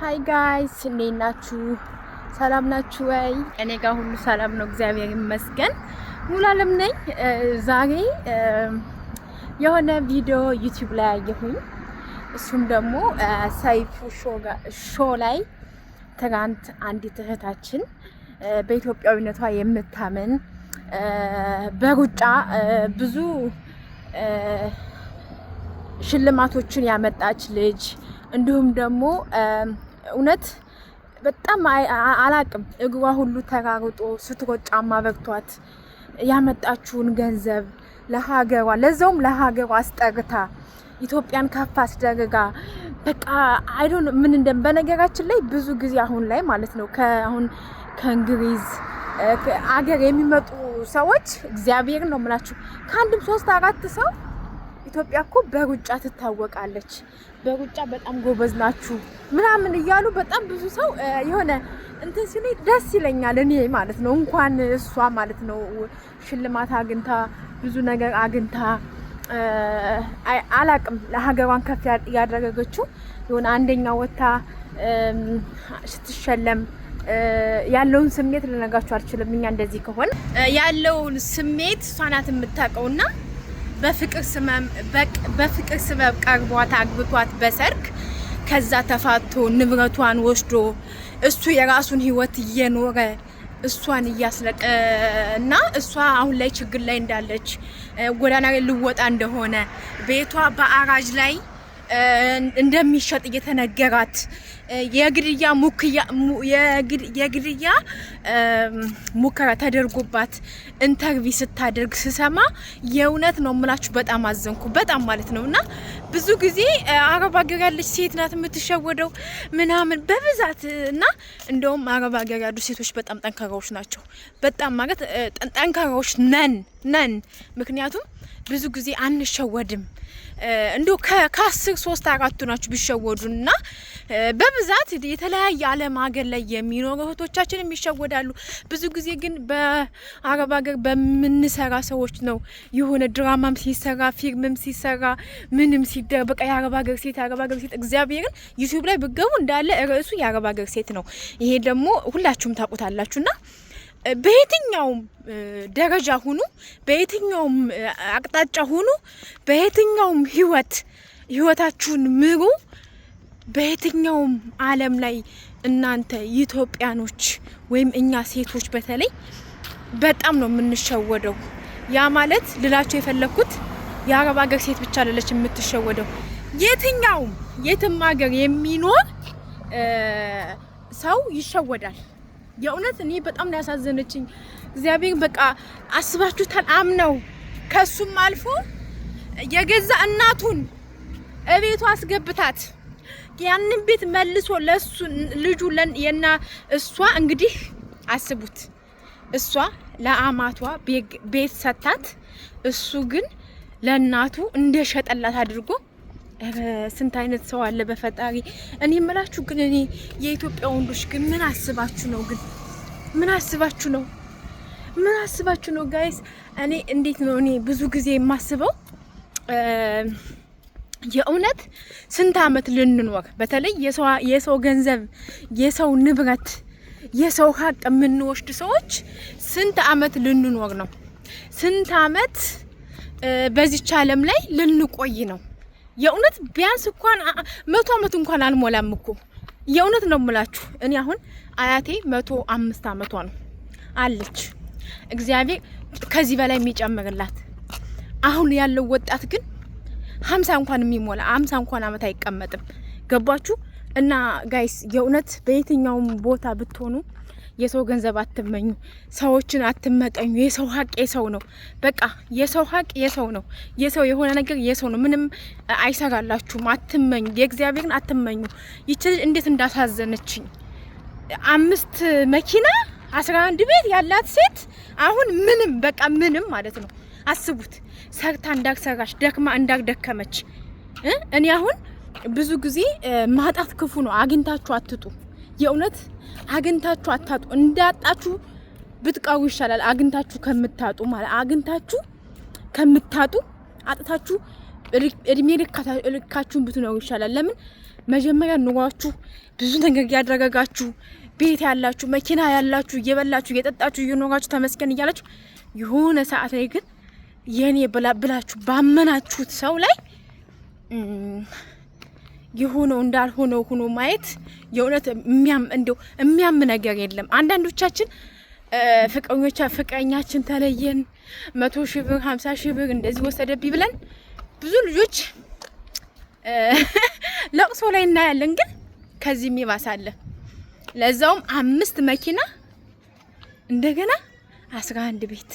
ሀይ ጋይስ እንዴት ናችሁ? ሰላም ናችሁ ወይ? እኔ ጋር ሁሉ ሰላም ነው፣ እግዚአብሔር ይመስገን። ሙሉ አለም ነኝ። ዛሬ የሆነ ቪዲዮ ዩቲዩብ ላይ አየሁኝ። እሱም ደግሞ ሰይፉ ሾው ላይ ትናንት አንዲት እህታችን በኢትዮጵያዊነቷ የምታምን በሩጫ ብዙ ሽልማቶችን ያመጣች ልጅ እንዲሁም ደግሞ እውነት በጣም አላቅም። እግሯ ሁሉ ተራርጦ ስትሮጥ ጫማ በርቷት ያመጣችውን ገንዘብ ለሀገሯ ለዛውም ለሀገሯ አስጠርታ ኢትዮጵያን ከፍ አስደርጋ በቃ አይዶን ምን እንደም በነገራችን ላይ ብዙ ጊዜ አሁን ላይ ማለት ነው አሁን ከእንግሊዝ አገር የሚመጡ ሰዎች እግዚአብሔር ነው የምላችሁ ከአንድም ሶስት አራት ሰው ኢትዮጵያ እኮ በሩጫ ትታወቃለች፣ በሩጫ በጣም ጎበዝ ናችሁ ምናምን እያሉ በጣም ብዙ ሰው የሆነ እንትን ደስ ይለኛል እኔ ማለት ነው። እንኳን እሷ ማለት ነው ሽልማት አግኝታ ብዙ ነገር አግኝታ አላቅም ለሀገሯን ከፍ ያደረገችው የሆነ አንደኛ ወታ ስትሸለም ያለውን ስሜት ልነጋችሁ አልችልም። እኛ እንደዚህ ከሆነ ያለውን ስሜት እሷ ናት የምታውቀውና በፍቅር ስበብ ቀርቧት አግብቷት በሰርግ ከዛ ተፋቶ ንብረቷን ወስዶ እሱ የራሱን ህይወት እየኖረ እሷን እያስለቀ እና እሷ አሁን ላይ ችግር ላይ እንዳለች ጎዳና ልወጣ እንደሆነ ቤቷ በአራጅ ላይ እንደሚሸጥ እየተነገራት የግድያ የግድያ ሙከራ ተደርጎባት ኢንተርቪ ስታደርግ ስሰማ የእውነት ነው ምላችሁ በጣም አዘንኩ። በጣም ማለት ነው። እና ብዙ ጊዜ አረብ ሀገር ያለች ሴት ናት የምትሸወደው ምናምን በብዛት እና እንደውም አረብ ሀገር ያሉ ሴቶች በጣም ጠንካራዎች ናቸው። በጣም ማለት ጠንካራዎች ነን ነን። ምክንያቱም ብዙ ጊዜ አንሸወድም። እንዶ ከአስር ሶስት አራቱ ናችሁ ቢሸወዱና በብዛት የተለያየ ዓለም ሀገር ላይ የሚኖሩ እህቶቻችንም የሚሸወዳሉ። ብዙ ጊዜ ግን በአረብ ሀገር በምንሰራ ሰዎች ነው የሆነ ድራማም ሲሰራ ፊልምም ሲሰራ ምንም ሲደበቀ የአረብ ሀገር ሴት የአረብ ሀገር ሴት እግዚአብሔርን ዩቲዩብ ላይ ብገቡ እንዳለ ርዕሱ የአረብ ሀገር ሴት ነው። ይሄ ደግሞ ሁላችሁም ታውቁታላችሁና በየትኛውም ደረጃ ሁኑ፣ በየትኛውም አቅጣጫ ሁኑ፣ በየትኛውም ህይወት ህይወታችሁን ምሩ። በየትኛውም ዓለም ላይ እናንተ ኢትዮጵያኖች ወይም እኛ ሴቶች በተለይ በጣም ነው የምንሸወደው። ያ ማለት ልላችሁ የፈለግኩት የአረብ ሀገር ሴት ብቻ አለች የምትሸወደው። የትኛውም የትም ሀገር የሚኖር ሰው ይሸወዳል። የእውነት እኔ በጣም ነው ያሳዘነችኝ። እግዚአብሔር በቃ አስባችሁታል። አምነው ከሱም አልፎ የገዛ እናቱን እቤቱ አስገብታት ያንን ቤት መልሶ ለሱ ልጁ የና እሷ እንግዲህ አስቡት እሷ ለአማቷ ቤት ሰታት፣ እሱ ግን ለእናቱ እንደሸጠላት አድርጎ ስንት አይነት ሰው አለ በፈጣሪ። እኔ የምላችሁ ግን እኔ የኢትዮጵያ ወንዶች ግን ምን አስባችሁ ነው ግን ምን አስባችሁ ነው ምን አስባችሁ ነው ጋይስ? እኔ እንዴት ነው እኔ ብዙ ጊዜ የማስበው የእውነት ስንት አመት ልንኖር በተለይ የሰው ገንዘብ፣ የሰው ንብረት፣ የሰው ሀቅ የምንወስድ ሰዎች ስንት አመት ልንኖር ነው? ስንት አመት በዚች አለም ላይ ልንቆይ ነው? የእውነት ቢያንስ እንኳን መቶ አመት እንኳን አልሞላም እኮ የእውነት ነው የምላችሁ። እኔ አሁን አያቴ መቶ አምስት አመቷ ነው አለች። እግዚአብሔር ከዚህ በላይ የሚጨምርላት። አሁን ያለው ወጣት ግን ሀምሳ እንኳን የሚሞላ ሀምሳ እንኳን አመት አይቀመጥም። ገባችሁ? እና ጋይስ የእውነት በየትኛውም ቦታ ብትሆኑ የሰው ገንዘብ አትመኙ፣ ሰዎችን አትመቀኙ የሰው ሀቅ የሰው ነው። በቃ የሰው ሀቅ የሰው ነው። የሰው የሆነ ነገር የሰው ነው። ምንም አይሰራላችሁም። አትመኙ፣ የእግዚአብሔርን አትመኙ። ይች ልጅ እንዴት እንዳሳዘነችኝ አምስት መኪና አስራ አንድ ቤት ያላት ሴት አሁን ምንም በቃ ምንም ማለት ነው። አስቡት ሰርታ እንዳልሰራች ደክማ እንዳልደከመች። እኔ አሁን ብዙ ጊዜ ማጣት ክፉ ነው። አግኝታችሁ አትጡ። የእውነት አግኝታችሁ አታጡ። እንዳጣችሁ ብትቃው ይሻላል አግኝታችሁ ከምታጡ ማለት አግኝታችሁ ከምታጡ አጥታችሁ እድሜ ልካችሁን ብትነው ይሻላል። ለምን መጀመሪያ ኑሯችሁ ብዙ ነገር ያደረጋችሁ ቤት ያላችሁ መኪና ያላችሁ እየበላችሁ እየጠጣችሁ እየኖራችሁ ተመስገን እያላችሁ የሆነ ሰዓት ላይ ግን የኔ ብላችሁ ባመናችሁት ሰው ላይ የሆነው እንዳልሆነው ሆኖ ማየት የእውነት እንደው የሚያም ነገር የለም። አንዳንዶቻችን ፍቅረኞቻ ፍቅረኛችን ተለየን መቶ ሺህ ብር ሀምሳ ሺህ ብር እንደዚህ ወሰደብኝ ብለን ብዙ ልጆች ለቅሶ ላይ እናያለን። ግን ከዚህም ይባሳለ ለዛውም አምስት መኪና እንደገና አስራ አንድ ቤት